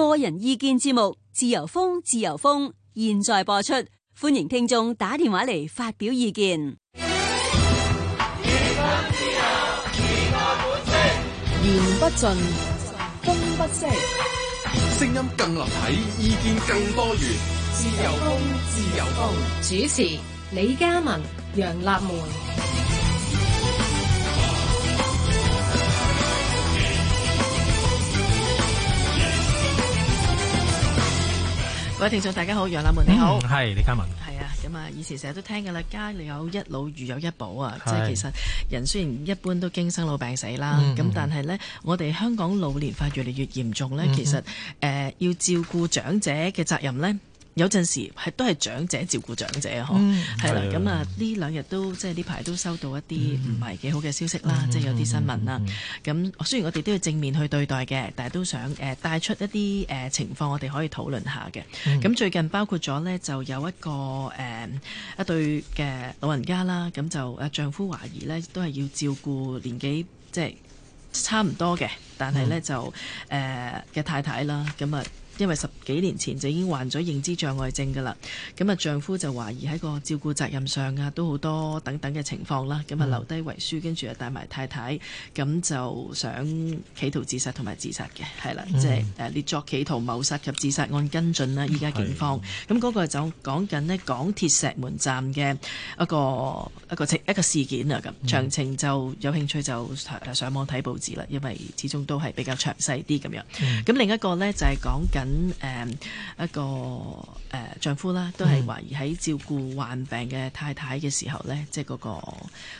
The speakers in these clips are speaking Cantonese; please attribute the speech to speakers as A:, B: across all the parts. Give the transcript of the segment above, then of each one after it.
A: 個人意見節目，自由風，自由風，現在播出，歡迎聽眾
B: 打電話嚟發表意見。言不盡，風不息，
C: 聲音更立體，意見更多元。自由風，自由風，主持李嘉文、楊立門。
B: 各位聽眾大家好，楊立門你好，
C: 係李嘉文，係啊，
B: 咁啊，以前成日都聽噶啦，家裡有一老，如有一寶啊，的即係其實人雖然一般都經生老病死啦，咁、嗯嗯、但係咧，我哋香港老年化越嚟越嚴重咧，嗯、哼其實誒、呃，要照顧長者嘅責任咧。有陣時係都係長者照顧長者嗬，係啦。咁啊，呢兩日都即係呢排都收到一啲唔係幾好嘅消息啦，即係、嗯、有啲新聞啦。咁、嗯嗯嗯、雖然我哋都要正面去對待嘅，但係都想誒、呃、帶出一啲誒、呃、情況，我哋可以討論下嘅。咁、嗯、最近包括咗呢，就有一個誒、呃、一對嘅老人家啦，咁就誒丈夫懷疑呢，都係要照顧年紀即係、就是、差唔多嘅，但係呢，嗯、就誒嘅、呃、太太啦，咁啊。因為十幾年前就已經患咗認知障礙症㗎啦，咁啊丈夫就懷疑喺個照顧責任上啊都好多等等嘅情況啦，咁啊留低遺書，跟住啊帶埋太太，咁就想企圖自殺同埋自殺嘅，係啦，即係誒列作企圖謀殺及自殺案跟進啦，啊，依家警方，咁嗰個就講緊咧港鐵石門站嘅一個一個一一個事件啊，咁詳情就有興趣就上網睇報紙啦，因為始終都係比較詳細啲咁樣，咁另一個咧就係講緊。咁誒、嗯、一個誒、呃、丈夫啦，都係懷疑喺照顧患病嘅太太嘅時候咧，即係嗰個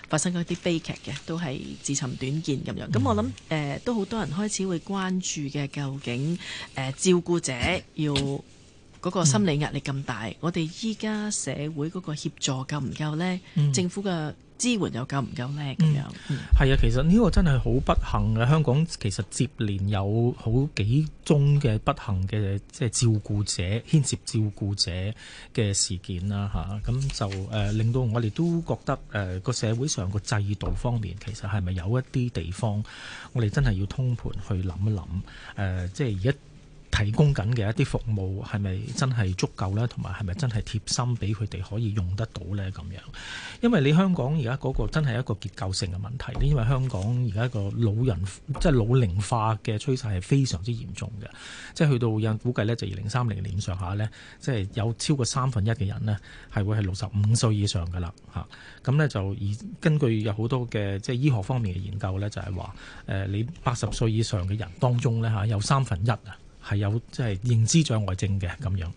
B: 發生嗰啲悲劇嘅，都係自尋短見咁樣。咁、嗯、我諗誒、呃、都好多人開始會關注嘅，究竟誒、呃、照顧者要嗰個心理壓力咁大，嗯、我哋依家社會嗰個協助夠唔夠呢？嗯、政府嘅支援又夠唔夠呢？咁、嗯、樣
C: 係啊、嗯，其實呢個真係好不幸嘅。香港其實接連有好幾宗嘅不幸嘅，即係照顧者牽涉照顧者嘅事件啦，嚇、啊、咁就誒、呃、令到我哋都覺得誒個、呃、社會上個制度方面，其實係咪有一啲地方我哋真係要通盤去諗一諗？誒、呃，即係而家。提供緊嘅一啲服務係咪真係足夠呢？同埋係咪真係貼心俾佢哋可以用得到呢？咁樣，因為你香港而家嗰個真係一個結構性嘅問題。因為香港而家個老人即係、就是、老齡化嘅趨勢係非常之嚴重嘅，即係去到有人估計呢，就二零三零年上下呢，即、就、係、是、有超過三分一嘅人呢，係會係六十五歲以上嘅啦嚇。咁呢，就而根據有好多嘅即係醫學方面嘅研究呢，就係話誒，你八十歲以上嘅人當中呢，嚇有三分一啊。係有即係認知障礙症嘅，咁樣，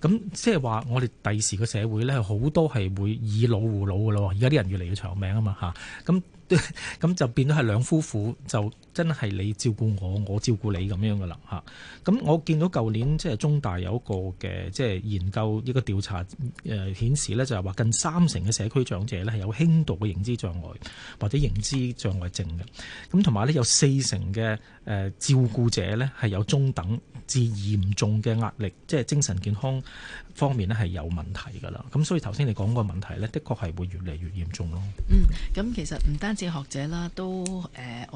C: 咁即係話我哋第時個社會咧，好多係會以老護老噶咯。而家啲人越嚟越長命啊嘛，嚇咁。咁 就變咗係兩夫婦，就真係你照顧我，我照顧你咁樣噶啦嚇。咁我見到舊年即係中大有一個嘅即係研究呢個調查，誒、呃、顯示咧就係話近三成嘅社區長者咧係有輕度嘅認知障礙或者認知障礙症嘅。咁同埋咧有四成嘅誒、呃、照顧者咧係有中等至嚴重嘅壓力，即係精神健康方面咧係有問題㗎啦，咁所以頭先你講個問題呢，的確係會越嚟越嚴重咯。嗯，
B: 咁其實唔單止學者啦，都誒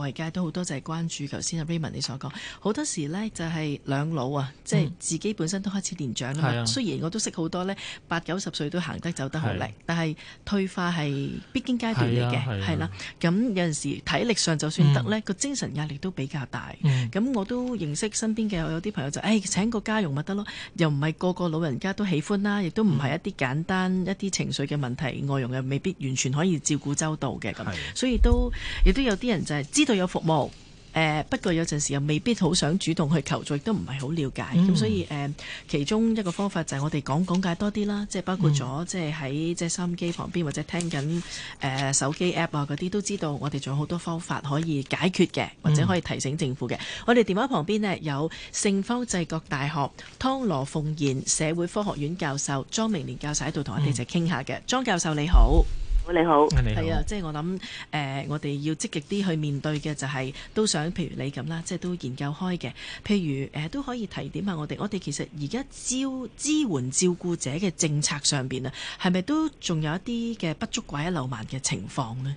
B: 外界都好多就係關注。頭先阿 Raymond 你所講，好多時呢就係、是、兩老啊，嗯、即係自己本身都開始年長啦嘛。嗯啊、雖然我都識好多呢，八九十歲都行得走得好力，是啊、但係退化係必經階段嚟嘅，係啦、啊。咁、啊啊、有陣時體力上就算得呢，個、嗯、精神壓力都比較大。咁、嗯、我都認識身邊嘅有啲朋友就誒、哎、請個家傭咪得咯，又唔係個個老人家都。喜歡啦，亦都唔係一啲簡單、嗯、一啲情緒嘅問題，外傭又未必完全可以照顧周到嘅咁，是的 所以亦都亦都有啲人就係知道有服務。誒、呃、不過有陣時又未必好想主動去求助，亦都唔係好了解，咁、嗯嗯、所以、呃、其中一個方法就係我哋講講解多啲啦，即包括咗、嗯、即喺即係收音機旁邊或者聽緊、呃、手機 app 啊嗰啲都知道，我哋仲有好多方法可以解決嘅，或者可以提醒政府嘅。嗯、我哋電話旁邊呢，有聖方濟各大學湯羅鳳賢社會科學院教授莊明蓮教授喺度同我哋一齊傾下嘅，嗯、莊教授你好。你好，係啊，即係我諗，誒、呃，我哋要積極啲去面對嘅就係、是、都想，譬如你咁啦，即係都研究開嘅，譬如誒、呃、都可以提點下我哋，我哋其實而家招支援照顧者嘅政策上邊啊，係咪都仲有一啲嘅不足，掛一漏萬嘅情況呢？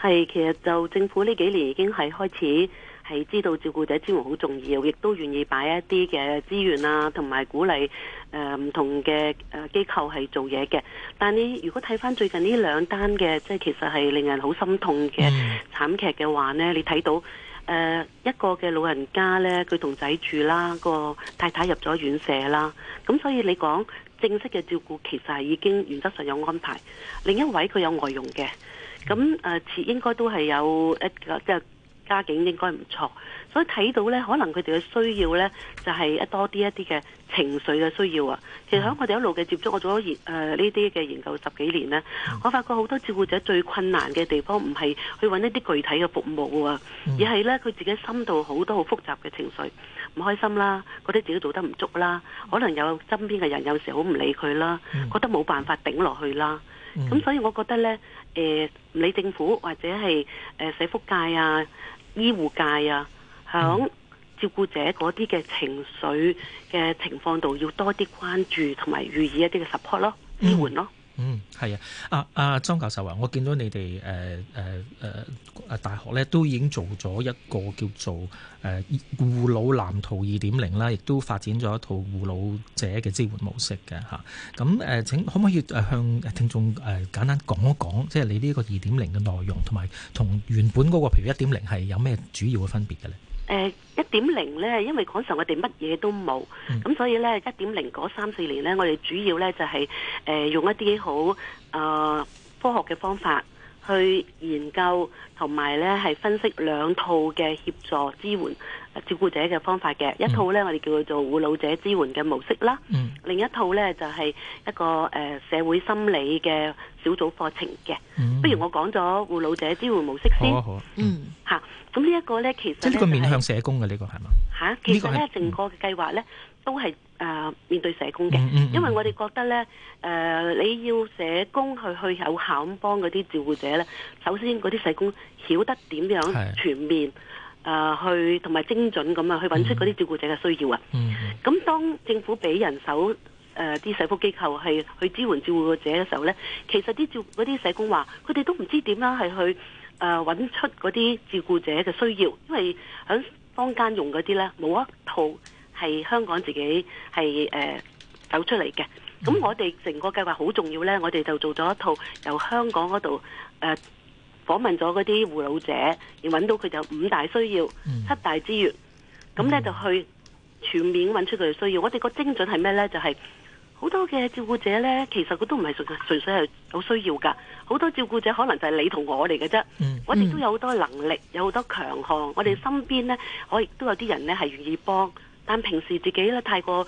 A: 係，其實就政府呢幾年已經係開始。係知道照顧者支援好重要，亦都願意擺一啲嘅資源啊，同埋鼓勵誒唔、呃、同嘅誒機構係做嘢嘅。但你如果睇翻最近呢兩單嘅，即係其實係令人好心痛嘅慘劇嘅話呢，你睇到誒、呃、一個嘅老人家呢，佢同仔住啦，個太太入咗院舍啦，咁所以你講正式嘅照顧其實係已經原則上有安排。另一位佢有外傭嘅，咁誒、呃、應該都係有一個即係。呃就是家境應該唔錯，所以睇到呢，可能佢哋嘅需要呢，就係、是、一多啲一啲嘅情緒嘅需要啊。其實喺我哋一路嘅接觸，我做咗研呢啲嘅研究十幾年呢，我發覺好多照顧者最困難嘅地方，唔係去揾一啲具體嘅服務啊，而係呢，佢自己心度好多好複雜嘅情緒，唔開心啦，覺得自己做得唔足啦，可能有身邊嘅人有時好唔理佢啦，嗯、覺得冇辦法頂落去啦。咁、嗯、所以我覺得呢，唔、呃、理政府或者係誒、呃、社福界啊，醫護界啊，響照顧者嗰啲嘅情緒嘅情況度，要多啲關注同埋予以一啲嘅 support 咯，支援咯。
C: 嗯，係啊，阿阿莊教授啊，我見到你哋誒誒誒大學咧，都已經做咗一個叫做誒護老藍圖二點零啦，亦都發展咗一套護老者嘅支援模式嘅嚇。咁、啊、誒，請可唔可以誒向聽眾誒簡單講一講，即係你呢個二點零嘅內容，同埋同原本嗰個譬如一點零係有咩主要嘅分別嘅咧？
A: 誒，一點零咧，因為嗰時候，我哋乜嘢都冇，咁所以咧，一點零嗰三四年咧，我哋主要咧就係誒用一啲好誒科學嘅方法去研究，同埋咧係分析兩套嘅協助支援誒照顧者嘅方法嘅，一套咧，我哋叫佢做護老者支援嘅模式啦，另一套咧就係一個誒社會心理嘅。小組課程嘅，不如我講咗護老者支援模式先、啊啊。嗯，吓、啊，咁呢一個咧，其實呢個面向
C: 社工嘅、這個啊、呢個係嘛？
A: 吓，其實咧，成個嘅計劃咧，都係誒、呃、面對社工嘅，嗯嗯嗯因為我哋覺得咧，誒、呃、你要社工去去有效咁幫嗰啲照顧者咧，首先嗰啲社工曉得點樣全面誒去同埋精準咁啊去揾出嗰啲照顧者嘅需要啊，咁、嗯嗯、當政府俾人手。誒啲、呃、社福機構係去支援照顧者嘅時候呢，其實啲照啲社工話，佢哋都唔知點樣係去揾出嗰啲照顧者嘅需要，因為響坊間用嗰啲呢，冇一套係香港自己係誒、呃、走出嚟嘅。咁我哋成個計劃好重要呢，我哋就做咗一套由香港嗰度誒訪問咗嗰啲護老者，而揾到佢就五大需要、七大資源，咁呢，就去全面揾出佢嘅需要。我哋個精準係咩呢？就係、是好多嘅照顧者呢，其實佢都唔係純純粹係有需要噶。好多照顧者可能就係你同我嚟嘅啫。嗯、我哋都有好多能力，嗯、有好多強項。我哋身邊呢，嗯、我亦都有啲人呢係願意幫。但平時自己呢太過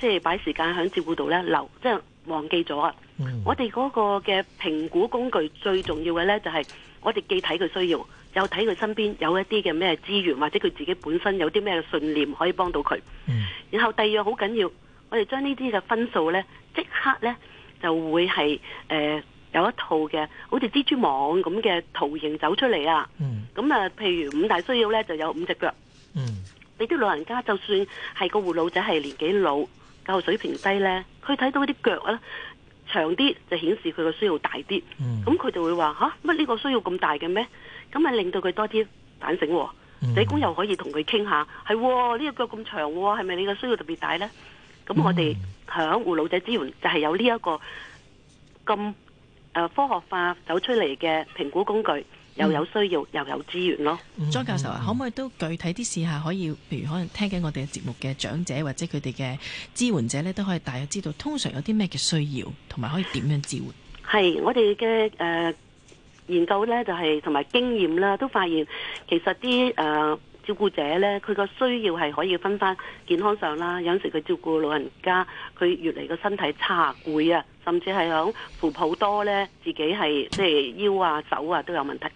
A: 即係擺時間喺照顧度呢，留，即係忘記咗。嗯、我哋嗰個嘅評估工具最重要嘅呢，就係、是、我哋既睇佢需要，又睇佢身邊有一啲嘅咩資源，或者佢自己本身有啲咩信念可以幫到佢。嗯、然後第二樣好緊要。我哋將呢啲嘅分數呢，即刻呢就會係誒、呃、有一套嘅，好似蜘蛛網咁嘅圖形走出嚟啊。咁啊、嗯，譬如五大需要呢，就有五隻腳。嗯。俾啲老人家，就算係個護老者係年紀老，教育水平低呢，佢睇到啲腳啊，長啲就顯示佢、嗯啊、個需要大啲。咁佢就會話吓乜呢個需要咁大嘅咩？咁啊，令到佢多啲反省、哦。社工、嗯、又可以同佢傾下，係、哎、呢、呢個腳咁長、哦，係咪你個需要特別大呢？咁我哋響護老者支援，就係有呢一個咁誒科學化走出嚟嘅評估工具，嗯、又有需要，又有資源咯。
B: 莊、嗯嗯、教授啊，可唔可以都具體啲試下，可以譬如可能聽緊我哋嘅節目嘅長者或者佢哋嘅支援者咧，都可以大約知道通常有啲咩嘅需要，同埋可以點樣支援？
A: 係我哋嘅誒研究咧，就係同埋經驗啦，都發現其實啲誒。呃照顧者咧，佢個需要係可以分翻健康上啦，有陣時佢照顧老人家，佢越嚟個身體差攰啊，甚至係響扶抱多咧，自己係即係腰啊、手啊都有問題。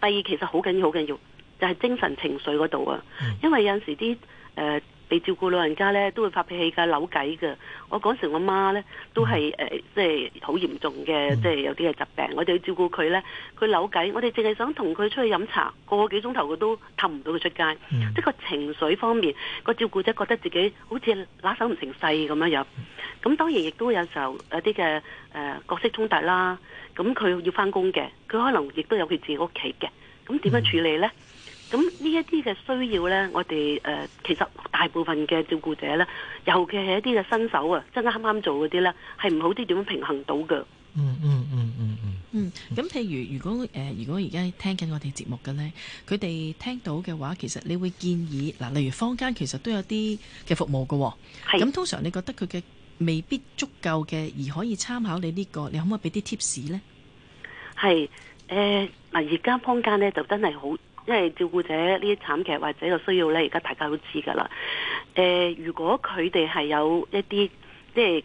A: 第二，其實好緊要，好緊要就係精神情緒嗰度啊，因為有陣時啲誒。呃你照顧老人家咧，都會發脾氣噶、扭計噶。我嗰時我媽咧都係誒、呃，即係好嚴重嘅，嗯、即係有啲嘅疾病。我哋要照顧佢咧，佢扭計，我哋淨係想同佢出去飲茶，個幾鐘頭佢都氹唔到佢出街。嗯、即係個情緒方面，個照顧者覺得自己好似拿手唔成勢咁樣樣。咁當然亦都有時候有啲嘅誒角色衝突啦。咁佢要返工嘅，佢可能亦都有佢自己屋企嘅。咁點樣處理呢？嗯咁呢一啲嘅需要咧，我哋誒、呃、其實大部分嘅照顧者咧，尤其係一啲嘅新手啊，真係啱啱做嗰啲咧，係唔好啲點樣平衡到嘅。嗯嗯嗯嗯嗯。
B: 嗯，咁、嗯嗯嗯嗯嗯、譬如如果誒，如果而家、呃、聽緊我哋節目嘅咧，佢哋聽到嘅話，其實你會建議嗱、呃，例如坊間其實都有啲嘅服務嘅喎、哦，係咁是通常你覺得佢嘅未必足夠嘅，而可以參考你呢、這個，你可唔可以俾啲 tips 呢？
A: 係誒嗱，而、呃、家坊間咧就真係好。因為照顧者呢啲慘劇或者個需要呢，而家大家都知噶啦。誒、呃，如果佢哋係有一啲，即係誒、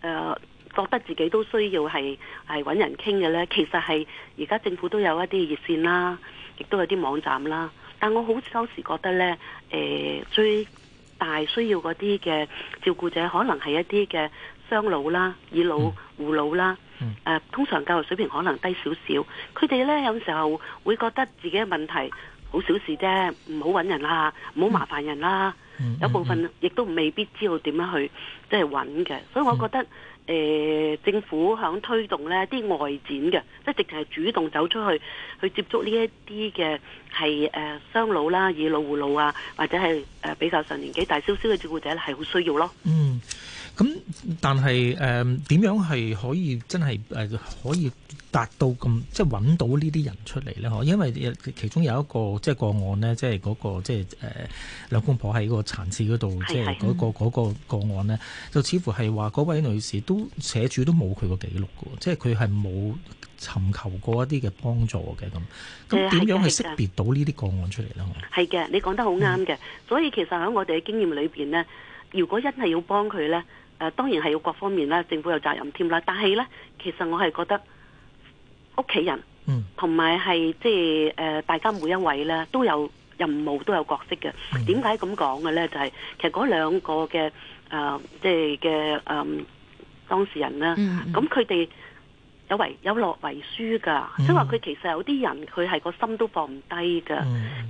A: 呃，覺得自己都需要係係搵人傾嘅呢，其實係而家政府都有一啲熱線啦，亦都有啲網站啦。但我好收時覺得呢，誒、呃，最大需要嗰啲嘅照顧者，可能係一啲嘅雙老啦、以老護老啦。嗯啊、通常教育水平可能低少少，佢哋呢有陣時候會覺得自己嘅問題好小事啫，唔好揾人啦，唔好麻煩人啦。嗯、有部分亦都未必知道點樣去即係揾嘅，所以我覺得誒、嗯呃，政府響推動呢啲外展嘅，即係直情係主動走出去去接觸呢一啲嘅係誒雙老啦、以老護老啊，或者係誒、呃、比較上年紀大少少嘅照顧者係好需
C: 要咯。嗯。咁、嗯、但係誒點樣係可以真係、呃、可以達到咁即係揾到呢啲人出嚟咧？嗬，因為其中有一個即係個案咧，即係嗰、嗰個即係誒兩公婆喺個殘次嗰度，即係嗰、呃、個嗰的個案咧，就似乎係話嗰位女士都社署都冇佢個記錄喎，即係佢係冇尋求過一啲嘅幫助嘅咁。
A: 咁點樣去識別
C: 到呢啲個案出嚟呢？
A: 係嘅，你講得好啱嘅。嗯、所以其實喺我哋嘅經驗裏邊咧，如果真係要幫佢咧，誒、呃、當然係要各方面啦，政府有責任添啦，但係咧，其實我係覺得屋企人，嗯，同埋係即係誒大家每一位咧都有任務都有角色嘅。點解咁講嘅咧？就係、是、其實嗰兩個嘅誒，即係嘅誒當事人啦，咁佢哋。有遺有落遺書噶，即係話佢其實有啲人佢係個心都放唔低噶。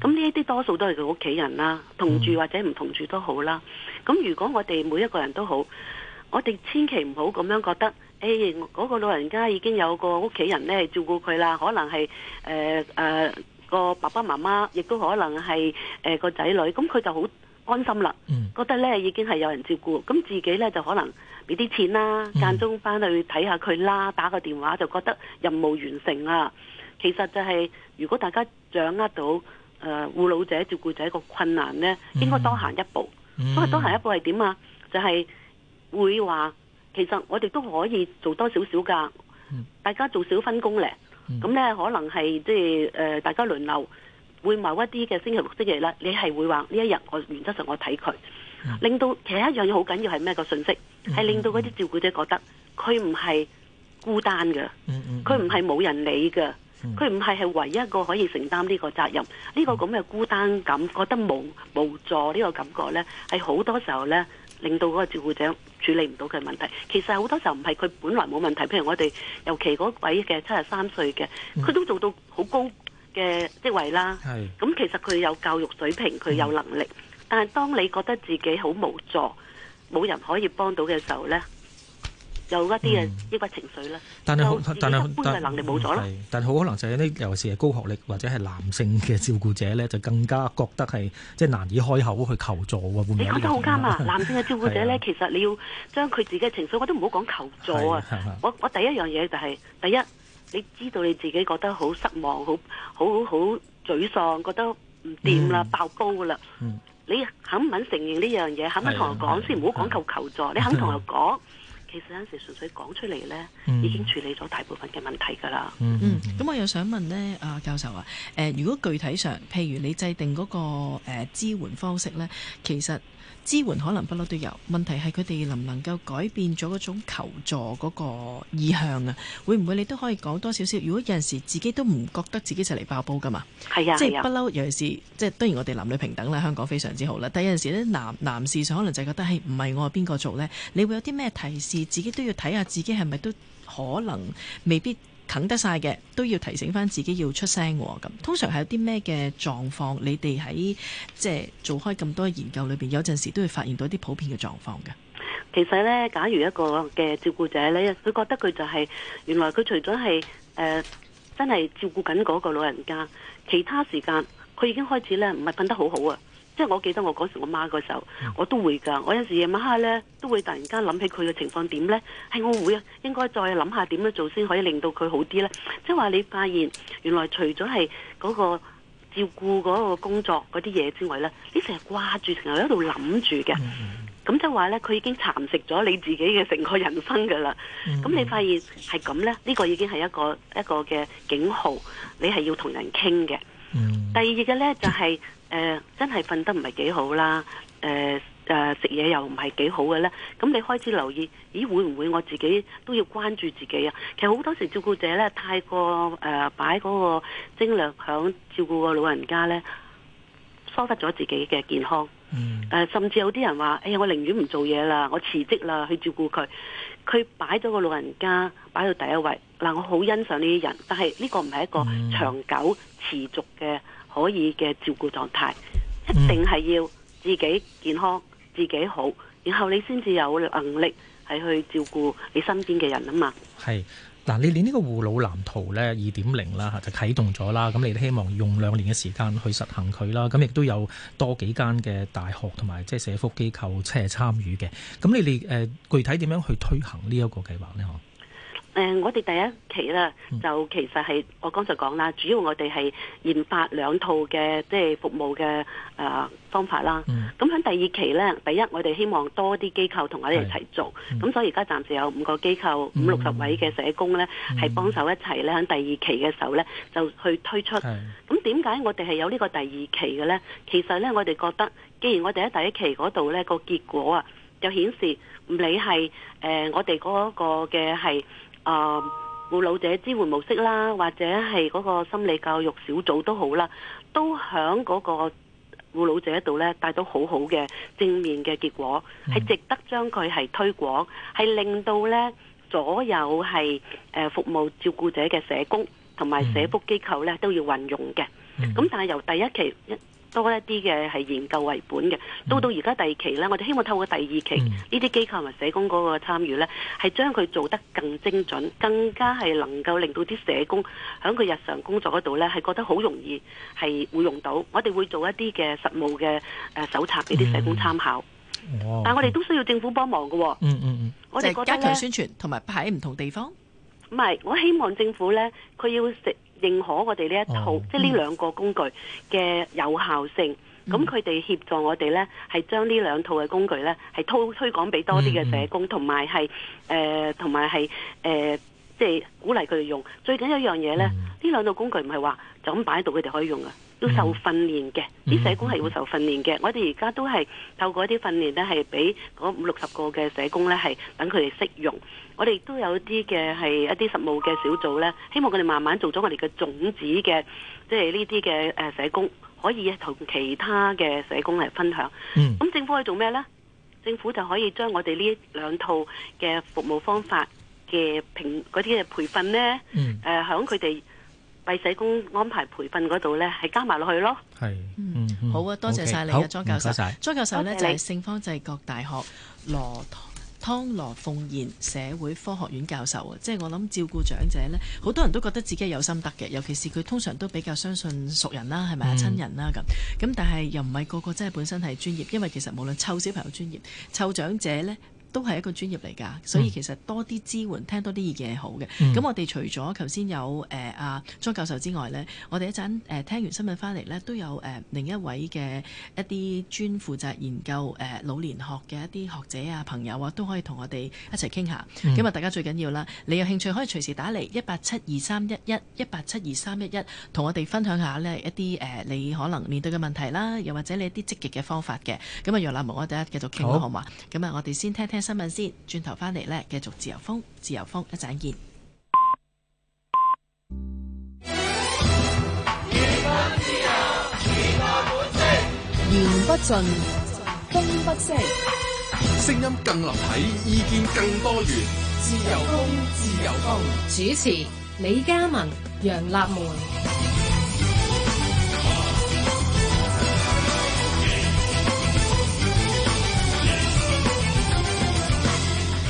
A: 咁呢一啲多數都係佢屋企人啦，同住或者唔同住都好啦。咁、嗯、如果我哋每一個人都好，我哋千祈唔好咁樣覺得，誒、欸、嗰、那個老人家已經有個屋企人咧照顧佢啦，可能係誒誒個爸爸媽媽，亦都可能係誒、呃、個仔女，咁佢就好安心啦。嗯、覺得咧已經係有人照顧，咁自己咧就可能。俾啲錢啦，間中翻去睇下佢啦，打個電話就覺得任務完成啦、啊。其實就係、是、如果大家掌握到誒、呃、護老者照顧者個困難呢，應該多行一步。不過、嗯，嗯、多行一步係點啊？就係、是、會話其實我哋都可以做多少少㗎，嗯、大家做少分工咧。咁呢、嗯，嗯、可能係即係誒大家輪流，會某一啲嘅星期六、星期日咧，你係會話呢一日我原則上我睇佢。嗯、令到其實一樣嘢好緊要係咩、個信息？係、嗯、令到嗰啲照顧者覺得佢唔係孤單嘅，佢唔係冇人理嘅，佢唔係係唯一一個可以承擔呢個責任。呢、嗯、個咁嘅孤單感，嗯、覺得無無助呢個感覺呢，係好多時候呢，令到嗰個照顧者處理唔到佢問題。其實好多時候唔係佢本來冇問題，譬如我哋尤其嗰位嘅七十三歲嘅，佢都做到好高嘅職位啦。咁、嗯、其實佢有教育水平，佢、嗯、有能力。但係當你覺得自己好無助，冇人可以幫到嘅時候呢，有一啲嘅抑鬱情緒咧，
C: 嗯、但就自己一般嘅能力冇咗啦。但係好、嗯、可能就係、是、呢，尤其是係高學歷或者係男性嘅照顧者呢，就更加覺得係即係難以開口去求助。你講得好啱啊！男性嘅照顧者呢，
A: 的其實你要將佢自己嘅情緒，我都唔好講求助啊。我我第一樣嘢就係、是、第一，你知道你自己覺得好失望、好好好，好沮喪，覺得唔掂啦、嗯、爆煲啦。嗯你肯唔肯承認呢樣嘢？肯唔肯同我講先？唔好講求求助。你肯同我講？ 其實有
B: 陣時純粹講出嚟呢已經處理咗大部分嘅問題㗎啦。 嗯，咁我又想問呢，啊教授啊，誒、啊、如果具體上，譬如你制定嗰、嗰個、啊、支援方式呢，其實支援可能不嬲都有問題，係佢哋能唔能夠改變咗嗰種求助嗰個意向啊？會唔會你都可以講多少少？如果有陣時自己都唔覺得自己就嚟爆煲㗎嘛？係啊，即係不嬲，尤其是即係當然我哋男女平等啦，香港非常之好啦。但係有陣時呢，男男士上可能就係覺得係唔係我邊個做呢，你會有啲咩提示？自己都要睇下自己係咪都可能未必啃得晒嘅，都要提醒翻自己要出聲。咁、哦、通常係有啲咩嘅狀況？你哋喺即係做開咁多研究裏邊，有陣時都會發現到一啲普遍嘅狀況嘅。
A: 其實咧，假如一個嘅照顧者咧，佢覺得佢就係、是、原來佢除咗係誒真係照顧緊嗰個老人家，其他時間佢已經開始咧唔係瞓得好好啊。即係我記得我嗰時我媽嗰時候，我都會噶。我有時夜晚黑咧，都會突然間諗起佢嘅情況點咧。係我會啊，應該再諗下點樣做先可以令到佢好啲咧。即係話你發現原來除咗係嗰個照顧嗰個工作嗰啲嘢之外咧，你成日掛住成日喺度諗住嘅。咁即係話咧，佢已經蠶食咗你自己嘅成個人生噶啦。咁你發現係咁咧，呢個已經係一個一個嘅警號，你係要同人傾嘅。嗯、第二嘅咧就係。誒、呃，真係瞓得唔係幾好啦，誒、呃、誒，食、呃、嘢又唔係幾好嘅咧，咁你開始留意，咦會唔會我自己都要關注自己啊？其實好多時照顧者咧，太過誒擺嗰個精力響照顧、嗯呃哎、個老人家咧，疏忽咗自己嘅健康。誒，甚至有啲人話，哎呀，我寧願唔做嘢啦，我辭職啦，去照顧佢。佢擺咗個老人家擺到第一位。嗱、呃，我好欣賞呢啲人，但係呢個唔係一個長久持續嘅。可以嘅照顧狀態，一定係要自己健康、嗯、自己好，然後你先至有能力係去照顧你身邊嘅人啊嘛。
C: 係，嗱，你哋呢個護老藍圖呢，二點零啦就啟動咗啦，咁你希望用兩年嘅時間去實行佢啦，咁亦都有多幾間嘅大學同埋即係社福機構即係參與嘅，咁你哋誒具體點樣去推行呢一個計劃呢？
A: 誒、呃，我哋第一期咧，就其實係我剛才講啦，嗯、主要我哋係研發兩套嘅即係服務嘅誒、呃、方法啦。咁喺、嗯、第二期呢，第一我哋希望多啲機構同我哋一齊做，咁、嗯、所以而家暫時有五個機構，嗯、五六十位嘅社工呢，係、嗯、幫手一齊呢。喺第二期嘅時候呢，就去推出。咁點解我哋係有呢個第二期嘅呢？其實呢，我哋覺得，既然我哋喺第一期嗰度呢、嗰個結果啊，就顯示唔理係誒、呃、我哋嗰個嘅係。啊，護老者支援模式啦，或者係嗰個心理教育小組都好啦，都響嗰個護老者度咧，帶到好好嘅正面嘅結果，係值得將佢係推廣，係令到咧所有係誒服務照顧者嘅社工同埋社福機構咧都要運用嘅。咁但係由第一期一。多一啲嘅係研究為本嘅，到到而家第二期呢，我哋希望透過第二期呢啲機構同埋社工嗰個參與咧，係將佢做得更精準，更加係能夠令到啲社工喺佢日常工作嗰度呢，係覺得好容易係會用到。我哋會做一啲嘅實務嘅誒手冊俾啲社工參考。嗯、但係我哋都需要政府幫忙嘅、嗯。嗯，
B: 嗯我哋覺得加強宣傳同埋擺喺唔同地方。
A: 唔係，我希望政府呢，佢要食。認可我哋呢一套，哦、即係呢兩個工具嘅有效性。咁佢哋協助我哋呢係將呢兩套嘅工具呢係推推廣俾多啲嘅社工，同埋係誒，同埋係誒，即係鼓勵佢哋用。最緊要一樣嘢呢，呢、嗯、兩套工具唔係話就咁擺喺度，佢哋可以用啊，要受訓練嘅。啲、嗯、社工係要受訓練嘅。嗯嗯、我哋而家都係透過一啲訓練呢，係俾嗰五六十個嘅社工呢係等佢哋識用。我哋都有啲嘅係一啲實務嘅小組咧，希望佢哋慢慢做咗我哋嘅種子嘅，即係呢啲嘅誒社工可以同其他嘅社工嚟分享。嗯，咁政府去做咩咧？政府就可以將我哋呢兩套嘅服務方法嘅評嗰啲嘅培訓咧，嗯，誒響佢哋為社工安排培訓嗰度咧，係加埋落去咯。
B: 係，嗯，嗯好啊，多謝晒 Okay. 你啊，莊教授。多謝莊教授咧，Okay. 就係聖方濟各大學羅湯羅鳳賢社會科學院教授啊，即係我諗照顧長者呢，好多人都覺得自己有心得嘅，尤其是佢通常都比較相信熟人啦，係咪啊？嗯、親人啦咁，咁但係又唔係個個真係本身係專業，因為其實無論湊小朋友專業，湊長者呢，都係一個專業嚟㗎，所以其實多啲支援、嗯、聽多啲意見係好嘅。咁、嗯、我哋除咗頭先有誒阿莊教授之外呢，我哋一陣誒、呃、聽完新聞翻嚟呢，都有誒、呃、另一位嘅一啲專負責研究誒、呃、老年學嘅一啲學者啊朋友啊，都可以同我哋一齊傾下。咁啊、嗯，大家最緊要啦，你有興趣可以隨時打嚟一八七二三一一一八七二三一一，同我哋分享一下呢一啲誒、呃、你可能面對嘅問題啦，又或者你一啲積極嘅方法嘅。咁啊，楊立文，我哋一繼續傾啦，好嘛？咁啊，我哋先聽聽。新聞先，轉頭翻嚟咧，繼續自由風，自由風，一陣見。言不盡，風不息，聲
C: 音更立體，意見更多元。自由風，
B: 自由風，主持
C: 李嘉文、楊立梅。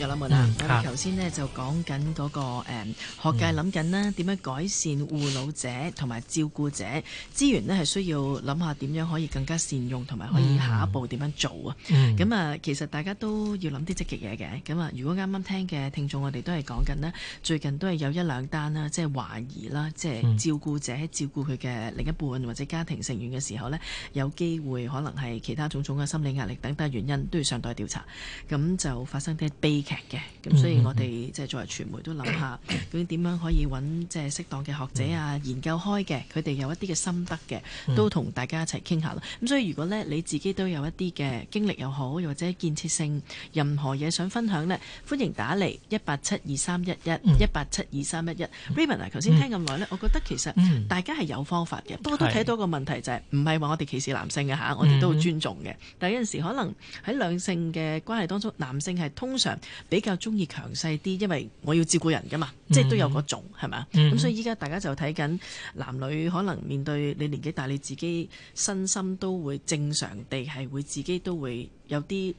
B: 有啦冇啦？咁頭先咧就講緊嗰個誒、嗯、學界諗緊啦，點樣、嗯、改善護老者同埋照顧者資源呢係需要諗下點樣可以更加善用，同埋可以下一步點樣做啊？咁啊、嗯，其實大家都要諗啲積極嘢嘅。咁啊，如果啱啱聽嘅聽眾，我哋都係講緊呢，最近都係有一兩單啦，即係懷疑啦，即、就、係、是、照顧者照顧佢嘅另一半或者家庭成員嘅時候呢，有機會可能係其他種種嘅心理壓力等等原因都要上台調查，咁就發生啲悲。嘅咁，所以我哋即係作為傳媒都諗下，咁點、mm hmm. 樣可以揾即係適當嘅學者啊、mm hmm. 研究開嘅，佢哋有一啲嘅心得嘅，mm hmm. 都同大家一齊傾下啦。咁所以如果咧你自己都有一啲嘅經歷又好，又或者建設性任何嘢想分享咧，歡迎打嚟一八七二三一一一八七二三一一。Raymond 啊，頭先聽咁耐咧，mm hmm. 我覺得其實大家係有方法嘅，不過都睇到個問題就係唔係話我哋歧視男性嘅吓，我哋都好尊重嘅。Mm hmm. 但係有陣時可能喺兩性嘅關係當中，男性係通常。比較鍾意強勢啲，因為我要照顧人㗎嘛，即係都有個種，係咪？咁所以依家大家就睇緊男女可能面對你年紀大，你自己身心都會正常地係會自己都會有啲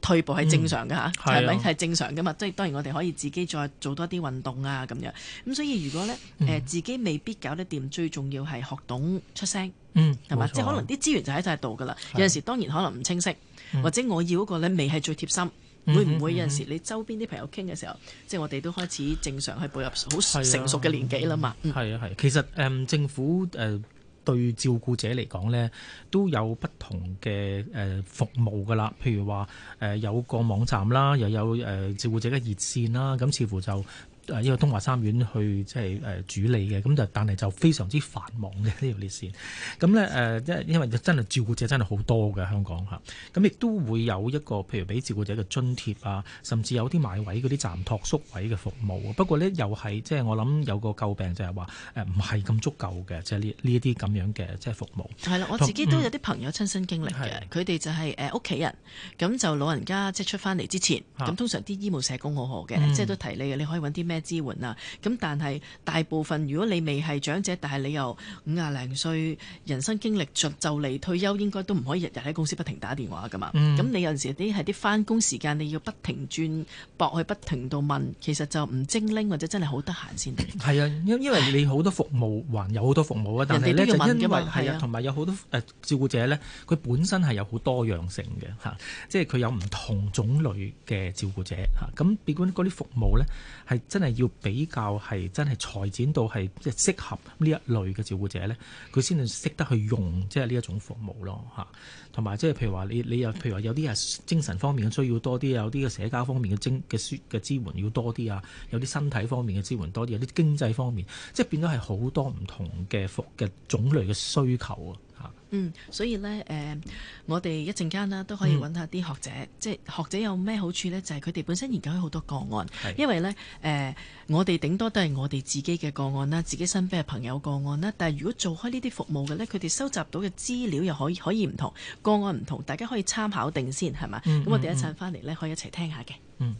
B: 退步係正常㗎吓，係咪係正常㗎嘛？即係當然我哋可以自己再做多啲運動啊咁樣，咁所以如果咧、嗯呃、自己未必搞得掂，最重要係學懂出聲，係嘛、嗯？係吧啊、即係可能啲資源就喺晒度㗎啦，有陣時當然可能唔清晰，嗯、或者我要嗰個咧未係最貼心。會唔會有陣時你周邊啲朋友傾嘅時候，即係、嗯嗯嗯、我哋都開始正常去步入好成熟嘅年紀啦嘛？
C: 係啊係，其實誒、嗯、政府誒對照顧者嚟講咧，都有不同嘅誒服務㗎啦。譬如話誒有個網站啦，又有誒照顧者嘅熱線啦，咁似乎就～誒呢個東華三院去即係誒主理嘅，咁就但係就非常之繁忙嘅呢列線。咁咧誒，即、呃、係因為真係照顧者真係好多嘅香港嚇。咁亦都會有一個譬如俾照顧者嘅津貼啊，甚至有啲買位嗰啲暫托宿位嘅服務。不過咧又係即係我諗有個詬病就係話誒唔係咁足夠嘅，即係呢呢一啲咁樣嘅即係服務。係啦，我自己都有啲
B: 朋友親身經歷嘅，佢哋、嗯、就係誒屋企人，咁的就老人家即係出翻嚟之前，咁、啊、通常啲醫務社工很好好嘅，嗯、即係都提你嘅，你可以揾啲咩？支援啊！咁但係大部分，如果你未係長者，但係你又五廿零歲，人生經歷就就嚟退休，應該都唔可以日日喺公司不停打電話噶嘛。咁、嗯、你有陣時啲係啲翻工時間，你要不停轉駁去不停度問，其實就唔精靈或者真係好得閒先得。
C: 係啊，因因為你好多服務， 還有好多服務啊。人哋要問嘅嘛，係啊，同埋有好多誒照顧者咧，佢本身係有好多樣性嘅吓、啊，即係佢有唔同種類嘅照顧者吓。咁、啊，別管嗰啲服務咧，係真係。係要比較係真係裁剪到係即係適合呢一類嘅照顧者咧，佢先至識得去用即係呢一種服務咯嚇。同埋即係譬如話你你，又譬如話有啲係精神方面嘅需要多啲，有啲嘅社交方面嘅精嘅輸嘅支援要多啲啊，有啲身體方面嘅支援多啲，有啲經濟方面，即係變咗係好多唔同嘅服嘅種類嘅需求啊。
B: 嗯，所以咧，誒、呃，我哋一陣間啦，都可以揾下啲學者，嗯、即係學者有咩好處咧？就係佢哋本身研究咗好多個案，是因為咧，誒、呃，我哋頂多都係我哋自己嘅個案啦，自己身邊嘅朋友個案啦。但係如果做開呢啲服務嘅咧，佢哋收集到嘅資料又可以可以唔同，個案唔同，大家可以參考定先，係嘛？咁、嗯、我哋一陣翻嚟咧，可以一齊聽下嘅。嗯，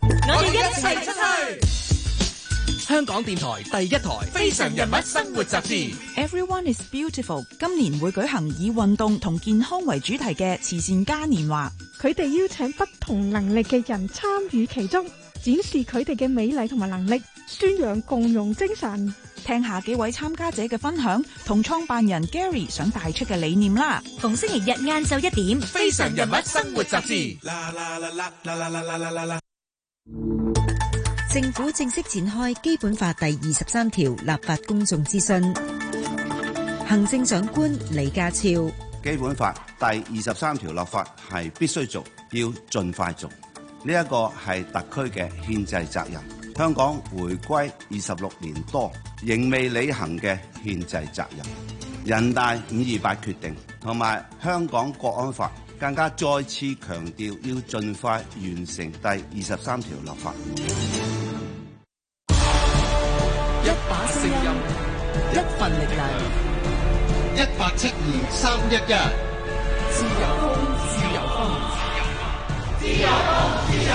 C: 我哋一齊出去。
B: 香港電台第一台《非常人物
C: 生活雜誌》。
B: Everyone is beautiful。今年會舉行以運動同健康為主題嘅慈善嘉年華。佢哋邀請不同能力嘅人參與其中，展示佢哋嘅美麗同埋能
D: 力，宣揚共融精神。聽下幾位參加者嘅分享同創辦人 Gary 想帶出嘅理念啦。
C: 逢星期日晏晝一點，《
A: 非常人物生活雜誌》
D: 啦。啦啦啦啦啦啦
C: 政府正式展開《基本法》第二十三條立法公眾諮詢。行政長官李家超，
A: 《基本法》第二十三條立法係必須做，要盡快做，呢一個係特區嘅憲制責任。香港回歸二十六年多，仍未履行嘅憲制責任。人大五二八決定同埋香港國安法，更加再次強調要盡快完成第二十三條立法。
C: 一把聲音，一份力量，一八七二三一一自。自由
B: 風，自由風，自由風，自由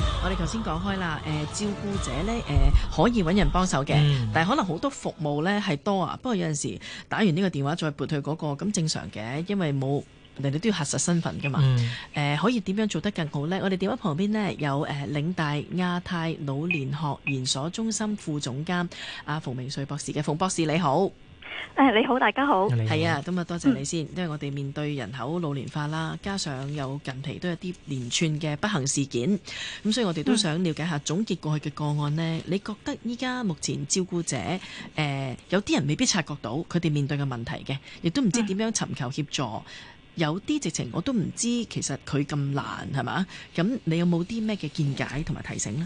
B: 風，自由風。由
D: 風
B: 我哋頭先講開啦，誒、呃，照顧者咧，誒、呃，可以揾人幫手嘅，嗯、但係可能好多服務咧係多啊，不過有陣時候打完呢個電話再撥退嗰個，咁正常嘅，因為冇。人哋都要核實身份噶嘛？誒、嗯呃、可以點樣做得更好呢？我哋電話旁邊呢，有誒、呃、嶺大亞太老年學研所中心副總監阿、啊、馮明穗博士嘅，馮博士你好、啊。你好，大家好。係啊，咁啊，多謝你先，嗯、因為我哋面對人口老年化啦，加上有近期都有啲連串嘅不幸事件，咁所以我哋都想了解一下，總結過去嘅個案呢，你覺得依家目前照顧者誒、呃、有啲人未必察覺到佢哋面對嘅問題嘅，亦都唔知點樣尋求協助。嗯有啲直情我都唔知，其實佢咁難，係嘛？咁你有冇啲咩嘅見解同埋提醒咧？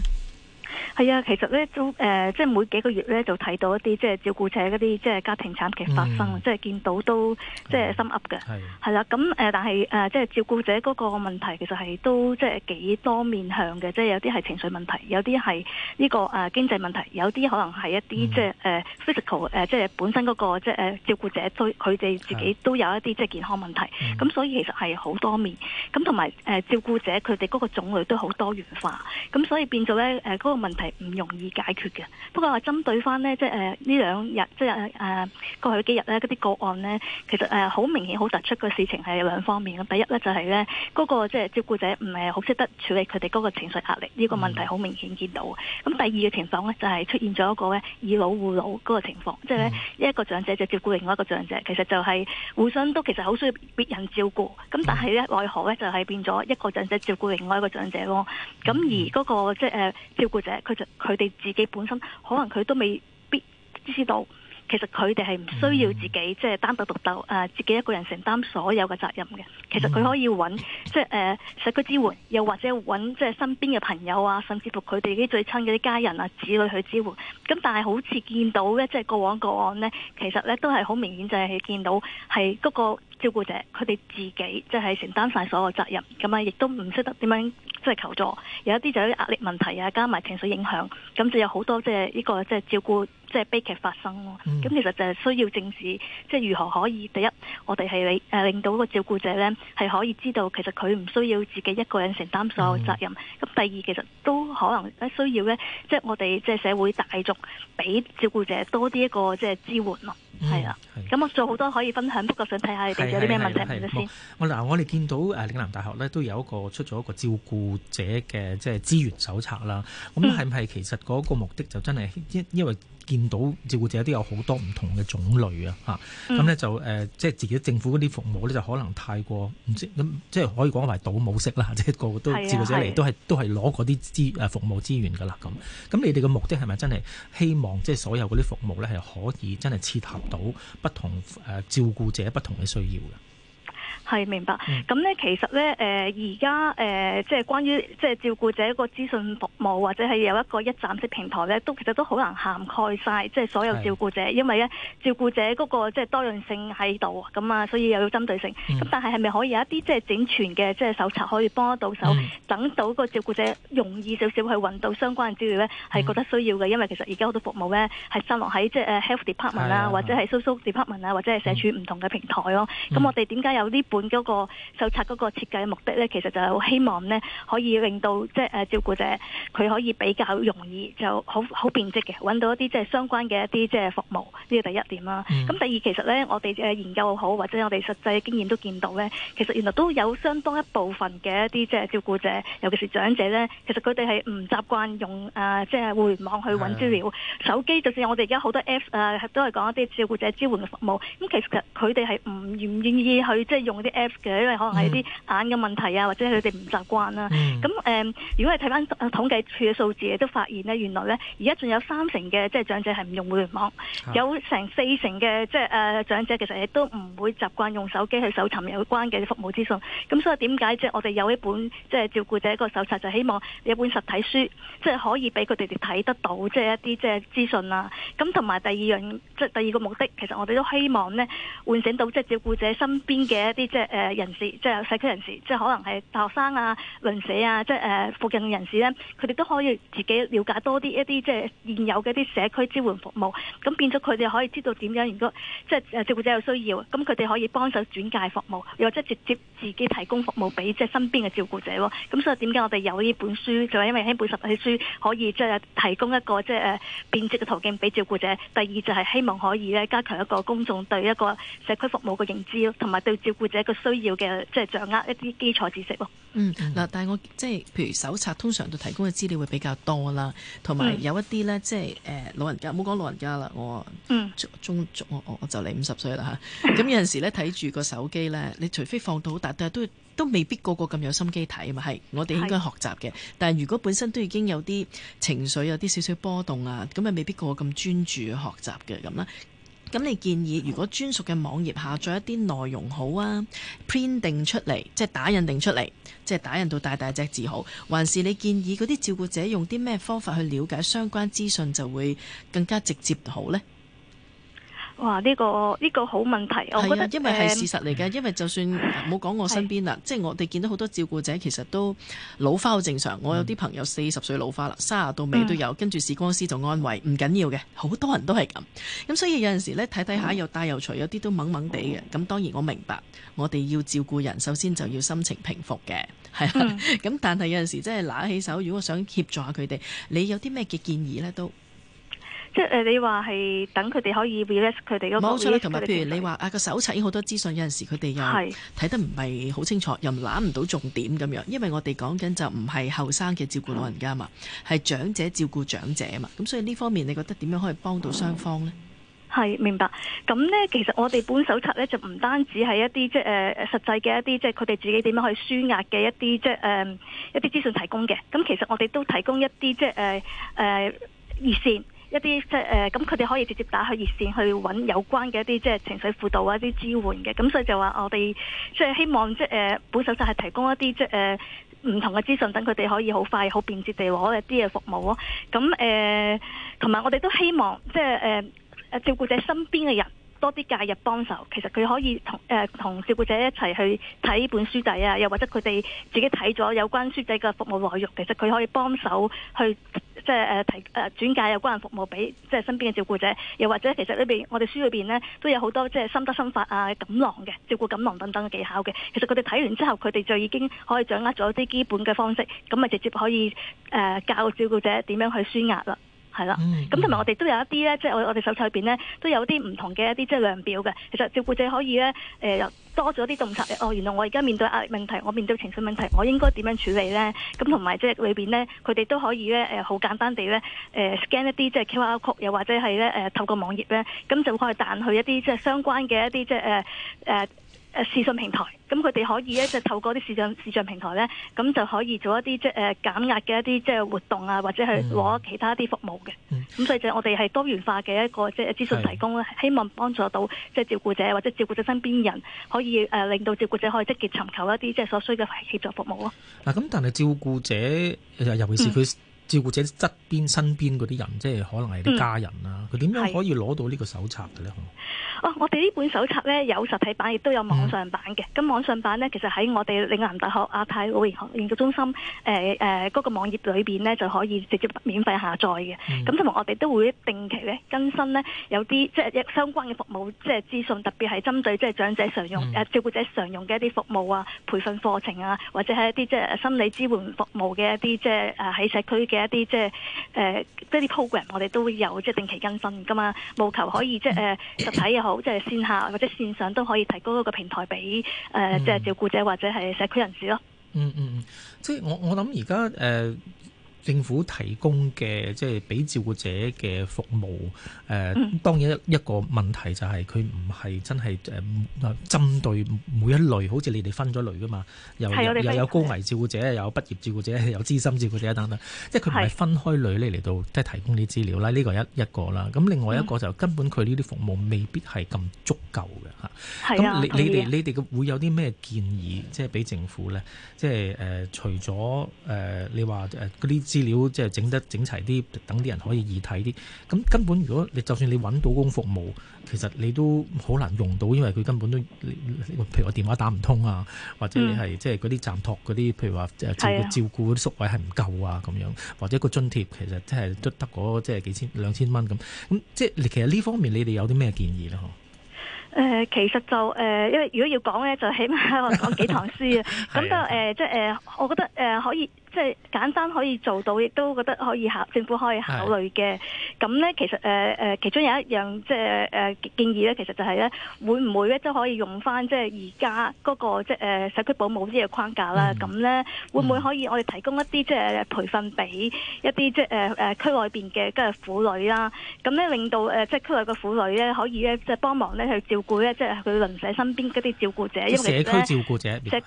D: 係啊，其實咧都誒，即係每幾個月咧就睇到一啲即係照顧者嗰啲即係家庭慘劇發生，即係見到都即係心噏嘅。係啦，咁誒，但係誒即係照顧者嗰個問題其實係都即係幾多面向嘅，即係有啲係情緒問題，有啲係呢個誒經濟問題，有啲可能係一啲即係誒 physical 誒，即係本身嗰個即係誒照顧者都佢哋自己都有一啲即係健康問題。咁所以其實係好多面，咁同埋誒照顧者佢哋嗰個種類都好多元化，咁所以變咗咧誒嗰個問問題唔容易解決嘅。不過針對翻呢即係呢兩日，即係誒、呃、過去幾日呢，嗰啲個案呢，其實誒好、呃、明顯好突出嘅事情係兩方面，第一呢，就係、是、呢嗰、那個即係照顧者唔係好識得處理佢哋嗰個情緒壓力，呢、這個問題好明顯見到。咁、mm hmm. 第二嘅情況呢，就係、是、出現咗一個呢以老護老嗰個情況，即係呢、mm hmm. 一個長者就照顧另外一個長者，其實就係、是、互相都其實好需要別人照顧。咁但係呢，為何、mm hmm. 呢？就係、是、變咗一個長者照顧另外一個長者咯？咁而嗰、那個即、呃、照顧者。佢就佢哋自己本身，可能佢都未必知道，其實，佢哋係唔需要自己即係、嗯、單打獨鬥，誒、呃，自己一個人承擔所有嘅責任嘅。其實，佢可以揾、嗯、即係誒、呃、社區支援，又或者揾即係身邊嘅朋友啊，甚至乎佢哋啲最親嗰啲家人啊、子女去支援。咁、嗯、但係好似見到咧，即係過往個案呢，其實呢都係好明顯，就係見到係嗰、嗰個。照顧者佢哋自己即係承擔晒所有責任，咁啊亦都唔識得點樣即係求助，有一啲就有啲壓力問題啊，加埋情緒影響，咁就有好多即係呢個即係照顧即係悲劇發生咯。咁、嗯、其實就係需要政治，即係如何可以第一，我哋係你誒令到個照顧者咧係可以知道其實佢唔需要自己一個人承擔所有責任。咁、嗯、第二其實都可能喺需要咧，即係我哋即係社會大眾俾照顧者多啲一個即係支援咯，係啊。咁是我做好多可以分享，不過想睇下你哋有啲咩問題
C: 唔得先。我嗱，我哋見到誒嶺南大學咧，都有一個出咗一個照顧者嘅即係資源手冊啦。咁係唔係其實嗰個目的就真係因因為見到照顧者都有好多唔同嘅種類、嗯、啊，咁咧就、呃、即係自己政府嗰啲服務咧就可能太過唔知咁，即係可以講為倒模式啦，即係個個都是、啊、照顧者嚟都係是、啊、都係攞嗰啲服務資源㗎啦咁。咁你哋嘅目的係咪真係希望即係所有嗰啲服務咧係可以真係切合到？不同照顧者不同嘅需要嘅。
D: 係，明白，咁咧、嗯、其實咧，誒而家誒即係關於即係照顧者個資訊服務，或者係有一個一站式平台咧，都其實都好難涵蓋晒。即係所有照顧者，是因為咧照顧者嗰、那個即係多樣性喺度啊，咁啊，所以有要針對性。咁、嗯、但係係咪可以有一啲即係整全嘅即係手冊可以幫得到手，嗯、等到個照顧者容易少少去搵到相關嘅資料咧，係、嗯、覺得需要嘅，因為其實而家好多服務咧係散落喺即係 health department 啊是，或者係 social、嗯、department 啊，或者係社署唔同嘅平台咯。咁、嗯嗯、我哋點解有啲。本嗰個手冊嗰個設計嘅目的咧，其實就係好希望咧，可以令到即係誒、啊、照顧者佢可以比較容易就好好便捷嘅揾到一啲即係相關嘅一啲即係服務，呢個第一點啦。咁、嗯、第二其實咧，我哋誒研究好或者我哋實際經驗都見到咧，其實原來都有相當一部分嘅一啲即係照顧者，尤其是長者咧，其實佢哋係唔習慣用誒、啊、即係互聯網去揾資料，的手機就算我哋而家好多 apps 誒、啊、都係講一啲照顧者支援嘅服務，咁、嗯、其實佢哋係唔願唔願意去即係用。啲 Apps 嘅，因為可能係啲眼嘅問題啊，或者佢哋唔習慣啦。咁誒、嗯呃，如果你睇翻統計處嘅數字，都發現呢，原來呢，而家仲有三成嘅即係長者係唔用互聯網，有成四成嘅即係誒長者其實亦都唔會習慣用手機去搜尋有關嘅服務資訊。咁所以點解即係我哋有一本即係、就是、照顧者個手冊，就是、希望有一本實體書，即、就、係、是、可以俾佢哋哋睇得到，即、就、係、是、一啲即係資訊啊。咁同埋第二樣即係、就是、第二個目的，其實我哋都希望呢，喚醒到即係、就是、照顧者身邊嘅一啲。即係誒人士，即係有社區人士，即係可能係大學生啊、鄰舍啊，即係誒、呃、附近嘅人士咧，佢哋都可以自己了解多啲一啲即係現有嘅一啲社區支援服務，咁變咗佢哋可以知道點樣，如果即係誒照顧者有需要，咁佢哋可以幫手轉介服務，又或者直接自己提供服務俾即係身邊嘅照顧者咯。咁所以點解我哋有呢本書就係、是、因為呢本實體書可以即係提供一個即係誒便捷嘅途徑俾照顧者。第二就係希望可以咧加強一個公眾對一個社區服務嘅認知，咯，同埋對照顧者。
B: 個需要嘅即係掌握一啲基礎知識咯。嗯，嗱，但係我即係譬如手冊通常都提供嘅資料會比較多啦，同埋有，有一啲咧、嗯、即係誒、呃、老人家唔好講老人家啦，我嗯中我我就嚟五十歲啦嚇，咁、嗯、有陣時咧睇住個手機咧， 你除非放到好大，但係都都都未必個個咁有心機睇啊嘛，係我哋應該學習嘅，是但係如果本身都已經有啲情緒有啲少少波動啊，咁啊未必個個咁專注去學習嘅咁啦。咁你建議，如果專屬嘅網頁下載一啲內容好啊，print 定出嚟，即係打印定出嚟，即係打印到大大隻字好，還是你建議嗰啲照顧者用啲咩方法去了解相關資訊就會更加直接好呢？
D: 哇！呢、這個呢、這個、好問題，我覺得是、啊、因為係事實
B: 嚟嘅。嗯、因為就算冇講我身邊啦，是即係我哋見到好多照顧者其實都老花好正常。嗯、我有啲朋友四十歲老花啦，卅到尾都有，跟住視光師就安慰唔緊要嘅，好多人都係咁。咁所以有陣時呢睇睇下又、嗯、帶又除，有啲都懵懵地嘅。咁、嗯、當然我明白，我哋要照顧人，首先就要心情平復嘅，係啊。咁、嗯、但係有陣時真係攬起手，如果想協助下佢哋，你有啲咩嘅建議呢？都？
D: 即係你話係等佢哋可以 relax 佢哋嗰，冇錯啦。同埋，譬如你
B: 話啊個手冊已經好多資訊，有陣時佢哋又睇得唔係好清楚，是又攬唔到重點咁樣。因為我哋講緊就唔係後生嘅照顧老人家嘛，係、嗯、長者照顧長者嘛。咁所以呢方面，你覺得點樣可以幫到雙方呢？係、嗯、明白。
D: 咁呢，其實我哋本手冊呢，就唔單止係一啲即係誒誒實際嘅一啲，即係佢哋自己點樣去舒壓嘅一啲，即係誒一啲資訊提供嘅。咁其實我哋都提供一啲即係誒誒熱線。一啲即係誒，咁佢哋可以直接打去熱線去揾有關嘅一啲即係情緒輔導啊、一啲支援嘅，咁所以就話我哋即係希望即係、呃、本手冊係提供一啲即係唔同嘅資訊，等佢哋可以好快、好便捷地攞一啲嘅服務咯。咁誒，同、呃、埋我哋都希望即係誒、呃、照顧者身邊嘅人多啲介入幫手。其實佢可以同誒同照顧者一齊去睇本書仔啊，又或者佢哋自己睇咗有關書仔嘅服務內容，其實佢可以幫手去，即係誒提誒轉、呃、介有關服務俾即係身邊嘅照顧者，又或者其實呢邊我哋書裏邊呢，都有好多即係心得心法啊、錦囊嘅照顧錦囊等等嘅技巧嘅。其實佢哋睇完之後，佢哋就已經可以掌握咗啲基本嘅方式，咁咪直接可以誒、呃、教照顧者點樣去舒壓啦。係啦，咁同埋我哋都有一啲咧，即係我我哋手冊入邊咧，都有啲唔同嘅一啲即係量表嘅。其實照顧者可以咧，誒又多咗啲洞察。哦，原來我而家面對壓力問題，我面對情緒問題，我應該點樣處理咧？咁同埋即係裏面咧，佢哋都可以咧，誒好簡單地咧，誒 scan 一啲即係 QR code，又或者係咧，誒透過網頁咧，咁就可以彈去一啲即係相關嘅一啲即係誒、呃呃誒視訊平台，咁佢哋可以咧就透過啲視像視像平台咧，咁就可以做一啲即係誒減壓嘅一啲即係活動啊，或者去攞其他啲服務嘅。咁、嗯、所以就我哋係多元化嘅一個即係資訊提供咧，是希望幫助到即係照顧者或者照顧者身邊人，可以誒令到照顧者可以積極尋求一啲即係所需嘅協助服務咯。
C: 嗱、嗯，咁但係照顧者尤其是佢。照顧者側邊、身邊嗰啲人，即係可能係啲家人啊。佢點、嗯、樣可以攞到呢個手冊嘅咧？
D: 哦，我哋呢本手冊咧有實體版，亦都有網上版嘅。咁、嗯、網上版咧，其實喺我哋嶺南大學亞太老年學研究中心誒誒嗰個網頁裏邊咧，就可以直接免費下載嘅。咁同埋我哋都會定期咧更新呢，有啲即係相關嘅服務，即係資訊，特別係針對即係長者常用誒、嗯呃、照顧者常用嘅一啲服務啊、培訓課程啊，或者係一啲即係心理支援服務嘅一啲即係誒喺社區嘅。一啲即係誒，即係啲 program，我哋都會有即係定期更新噶嘛，務求可以即係誒實體又好，即係線下或者線上都可以提高一個平台俾誒即係照顧者或者係社區人士咯。嗯
C: 嗯，嗯，即係我我諗而家誒。呃政府提供嘅即係俾照顧者嘅服務。誒、呃，嗯、當然一一個問題就係佢唔係真係誒針對每一類，好似你哋分咗類噶嘛，又的又有高危照顧者，又有畢業照顧者，又有資深照顧者等等，即係佢唔係分開類咧嚟到即係提供啲資料啦。呢的個一一個啦，咁另外一個就係根本佢呢啲服務未必係咁足夠嘅嚇。咁的你你哋你哋會有啲咩建議，即係俾政府咧？即係誒、呃、除咗誒、呃、你話誒嗰啲。呃資料即係整得整齊啲，等啲人可以易睇啲。咁根本如果你就算你揾到個服務，其實你都好難用到，因為佢根本都譬如我電話打唔通啊，或者你係即係嗰啲暫託嗰啲，譬如話照，照顧嗰啲宿位係唔夠啊咁樣，的或者一個津貼其實即係都得嗰即係幾千兩千蚊咁。咁即係其實呢方面你哋有啲咩建議咧？嗬、呃。
D: 其實就誒，因、呃、為如果要講咧，就起碼我講幾堂書啊。咁 的就誒、呃，即係誒、呃，我覺得誒、呃、可以。即係簡單可以做到，亦都覺得可以考政府可以考慮嘅。咁咧的其實誒誒、呃，其中有一樣即係誒建議咧，其實就係、是、咧，會唔會咧都可以用翻即係而家嗰個即係誒社區保姆啲嘅框架啦？咁咧、嗯、會唔會可以我哋提供一啲即係培訓俾一啲即係誒誒區外邊嘅即係婦女啦？咁咧令到誒即係區內嘅婦女咧可以咧即係幫忙咧去照顧咧即係佢鄰舍身邊嗰啲照顧者，因為社區照顧者。即的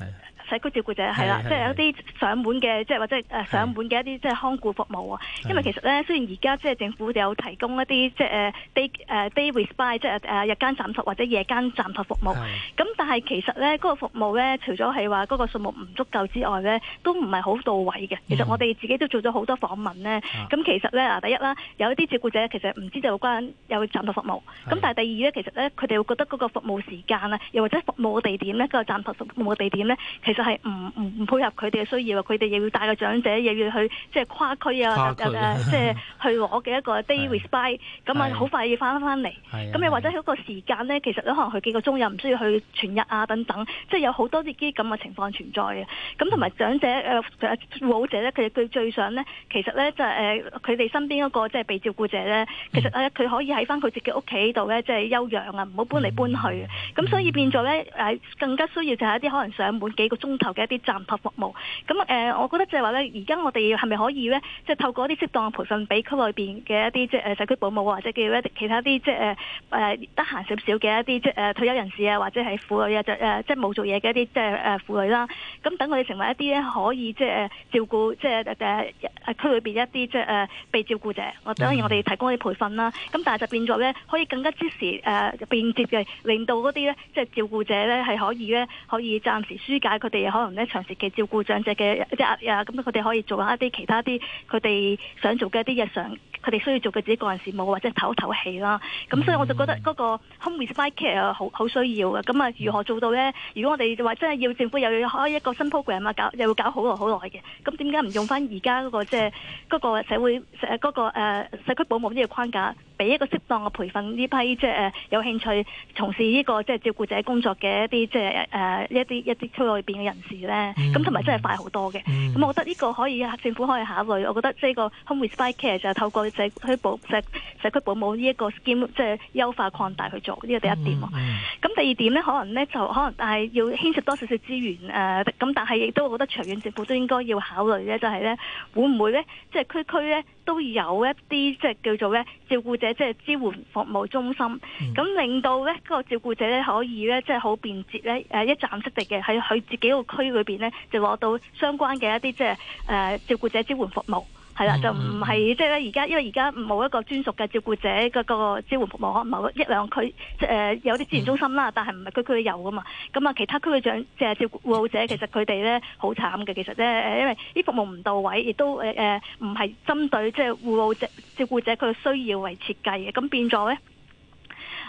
D: 社區照顧者係啦，即係有啲上門嘅即或者係上門嘅一啲即係看顧服務啊，因為其實咧，雖然而家即係政府有提供一啲即係誒 day 誒、uh, day respite，即係誒日間暫托或者夜間暫托服務，咁是的 但係其實咧嗰、嗰個服務咧，除咗係話嗰個數目唔足夠之外咧，都唔係好到位嘅。其實我哋自己都做咗好多訪問咧，咁、嗯、其實咧第一啦，有一啲照顧者其實唔知道就關有暫托服務，咁是的 但係第二咧，其實咧佢哋會覺得嗰個服務時間啊，又或者服務嘅地點咧，嗰、嗰個暫托服務嘅地點咧，其實係唔唔唔配合佢哋嘅需要，佢哋要帶嘅長者亦要去即係跨區啊，即係去攞嘅一個 day respite，咁啊好快要翻翻嚟。咁又是或者佢一個時間呢，其實可能去幾個鐘，又唔需要去全日啊等等。即、就、係、是、有好多啲啲咁嘅情況存在嘅。咁同埋長者誒護、呃、老者呢，佢佢最想呢，其實呢就係誒佢哋身邊嗰個即係被照顧者呢，嗯、其實佢可以喺翻佢自己屋企度呢，即、就、係、是、休養啊，唔好搬嚟搬去。咁、嗯、所以變咗呢，誒，更加需要就係一啲可能上門幾個鐘頭嘅一啲暫託服務。咁誒、呃，我覺得、就。是即係話咧，而家我哋係咪可以咧？即係透過一啲適當嘅培訓，俾區裏邊嘅一啲即係誒社區保姆或者叫一啲其他啲即係誒誒得閒少少嘅一啲即係誒退休人士啊，或者係婦女、呃是沒呃、婦女啊，就誒即係冇做嘢嘅一啲即係誒婦女啦。咁等我哋成為一啲咧可以即係、呃、照顧即係誒區裏邊一啲即係誒被照顧者。等我當然我哋提供啲培訓啦。咁、啊、但係就變咗咧，可以更加支持誒便捷嘅，令到嗰啲咧即係照顧者咧係可以咧可以暫時舒解佢哋可能咧長時嘅照顧長者嘅一啲壓力。啊啊咁佢哋可以做下一啲其他啲，佢哋想做嘅一啲日常，佢哋需要做嘅自己個人事務或者唞一唞氣啦。咁所以我就覺得嗰個 home respite care 啊，好好需要嘅。咁啊，如何做到咧？如果我哋話真係要政府又要開一個新 program 啊，搞又要搞好耐好耐嘅，咁點解唔用翻而家嗰個即係嗰個社會嗰、嗰個啊、社區保姆呢個框架？，俾一個適當嘅培訓，呢批即係有興趣從事呢、這個即係照顧者工作嘅一啲即係誒一啲一啲區內邊嘅人士咧，咁同埋真係快好多嘅。咁、mm hmm. 我覺得呢個可以政府可以考慮。我覺得即係個 home respite care 就係透過社區保社社區保姆呢一個 scheme 即係優化擴大去做呢個第一點。咁、mm hmm. 第二點咧，可能咧就可能，但係要牽涉多少少資源誒。咁、呃、但係亦都我覺得長遠政府都應該要考慮咧，就係、是、咧會唔會咧即係區區咧？都有一啲即係叫做咧照顧者即係支援服務中心，咁、嗯、令到咧個照顧者咧可以咧即係好便捷咧誒一站式地嘅喺佢自己個區裏邊咧就攞到相關嘅一啲即係誒照顧者支援服務。係啦，就唔係即係咧，而家因為而家冇一個專屬嘅照顧者嘅個支援服務，可能一兩區誒、呃、有啲資源中心啦，但係唔係區區都有噶嘛？咁啊，其他區嘅長即係照顧護老者，其實佢哋咧好慘嘅，其實即係因為啲服務唔到位，亦都誒唔係針對即係護老者照顧者佢需要為設計嘅，咁變咗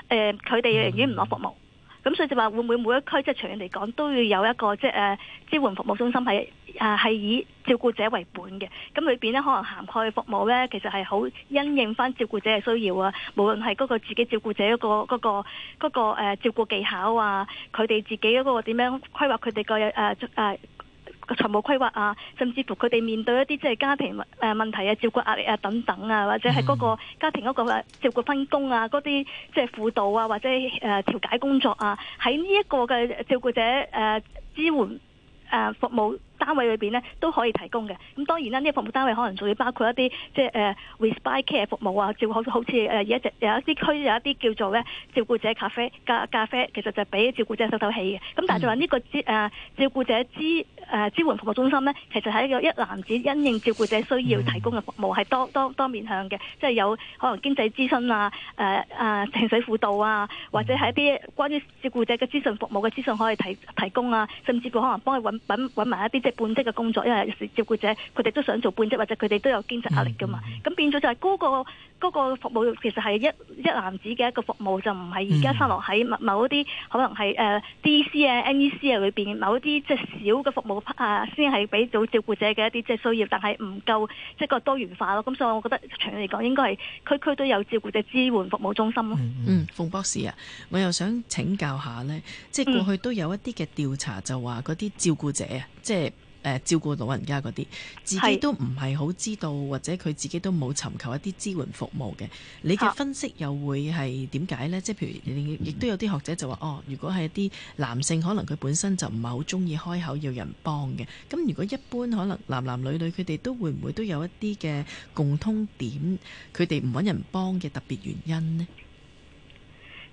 D: 咧誒，佢哋寧願唔攞服務。咁、嗯、所以就話會唔會每一區即係長遠嚟講都要有一個即係誒、啊、支援服務中心係係、啊、以照顧者為本嘅，咁裏邊咧可能涵蓋服務咧，其實係好因應翻照顧者嘅需要啊，無論係嗰個自己照顧者嗰、嗰個、嗰個嗰、嗰個誒、啊、照顧技巧啊，佢哋自己嗰個點樣規劃佢哋個。誒、啊、誒。啊個財務規劃啊，甚至乎佢哋面對一啲即係家庭誒問題啊、照顧壓力啊等等啊，或者係嗰個家庭嗰個照顧分工啊，嗰啲即係輔導啊，或者誒調解工作啊，喺呢一個嘅照顧者誒支援誒服務。單位裏邊咧都可以提供嘅，咁當然啦，呢、這、啲、個、服務單位可能仲要包括一啲即係誒、呃、respite care 服務啊，照顧好好似誒而家有一啲區有一啲叫做咧照顧者咖啡咖咖啡，其實就係俾照顧者透透氣嘅。咁但係就話呢、這個資、呃、照顧者資誒、呃、支援服務中心咧，其實係一個一攬子因應照顧者需要提供嘅服務，係、嗯、多多多面向嘅，即係有可能經濟諮詢啊、誒誒情緒輔導啊，或者係一啲關於照顧者嘅資訊服務嘅資訊可以提提供啊，甚至乎可能幫佢揾揾埋一啲。即係半職嘅工作，因為有照顧者佢哋都想做半職，或者佢哋都有經濟壓力噶嘛。咁、嗯、變咗就係嗰、嗰個嗰個服務，其實係一一男子嘅一個服務，就唔係而家生落喺某一啲、嗯、可能係誒 D.C. 啊、N.E.C. 啊裏邊，某一啲即係小嘅服務啊，先係俾到照顧者嘅一啲即係需要，但係唔夠即係個多元化咯。咁所以我覺得長遠嚟講，應該係區區都有照顧者支援服務中心咯、嗯。
B: 嗯，馮博士啊，我又想請教下呢，即、就、係、是、過去都有一啲嘅調查就話嗰啲照顧者啊，即係。呃、照顧老人家嗰啲，自己都唔係好知道，是或者佢自己都冇尋求一啲支援服務嘅。你嘅分析又會係點解呢？即係、啊、譬如你亦都有啲學者就話：哦，如果係一啲男性，可能佢本身就唔係好中意開口要人幫嘅。咁如果一般可能男男女女，佢哋都會唔會都有一啲嘅共通點？佢哋唔揾人幫嘅特別原因呢？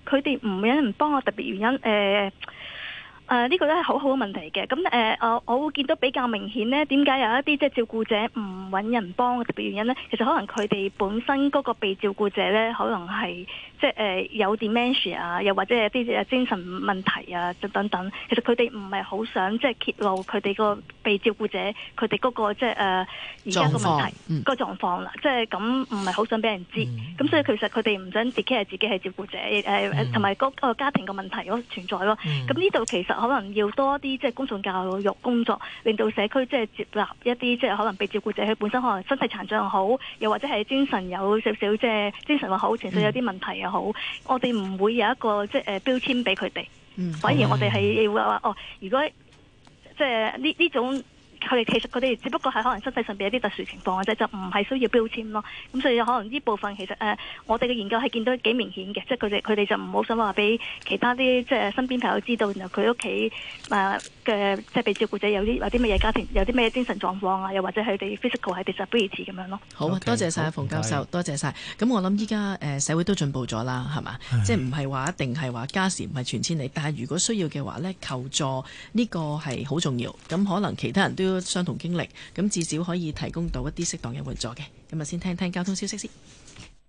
D: 佢哋唔揾人幫啊！特別原因、呃誒呢、呃這個都係好好嘅問題嘅，咁誒我我會見到比較明顯呢，點解有一啲即係照顧者唔揾人幫嘅特別原因呢？其實可能佢哋本身嗰個被照顧者呢，可能係即係誒、呃、有 Dementia 啊，又或者有啲精神問題啊等等等，其實佢哋唔係好想即係揭露佢哋個被照顧者佢哋嗰個即係誒而家嘅問題、嗯、個狀況啦，即係咁唔係好想俾人知，咁、嗯、所以其實佢哋唔想自己係自己係照顧者同埋嗰個家庭嘅問題都存在咯，咁呢度其實。可能要多一啲即係公眾教育工作，令到社區即係接納一啲即係可能被照顧者，佢本身可能身體殘障又好，又或者係精神有少少即係、就是、精神又好，情緒有啲問題又好，嗯、我哋唔會有一個即係誒標籤俾佢哋，嗯、反而我哋係要話、嗯、哦，如果即係呢呢種。佢哋其實佢哋只不過係可能身體上邊有啲特殊情況或者就唔、是、係需要標籤咯。咁、嗯、所以可能呢部分其實誒、呃，我哋嘅研究係見到幾明顯嘅，即係佢哋佢哋就唔好想話俾其他啲即係身邊朋友知道，然後佢屋企誒嘅即係被照顧者有啲有啲乜嘢家庭，有啲咩精神狀況啊，又或者佢哋 physical 係 disability 咁樣咯。
B: 好多謝晒，馮教授，多謝晒。咁我諗依家誒社會都進步咗啦，係嘛？的即係唔係話一定係話家事唔係全遷你，但係如果需要嘅話咧，求助呢個係好重要。咁可能其他人都要。都相同經歷，咁至少可以提供到一啲適當嘅援助嘅。咁啊，先聽聽交通消息先。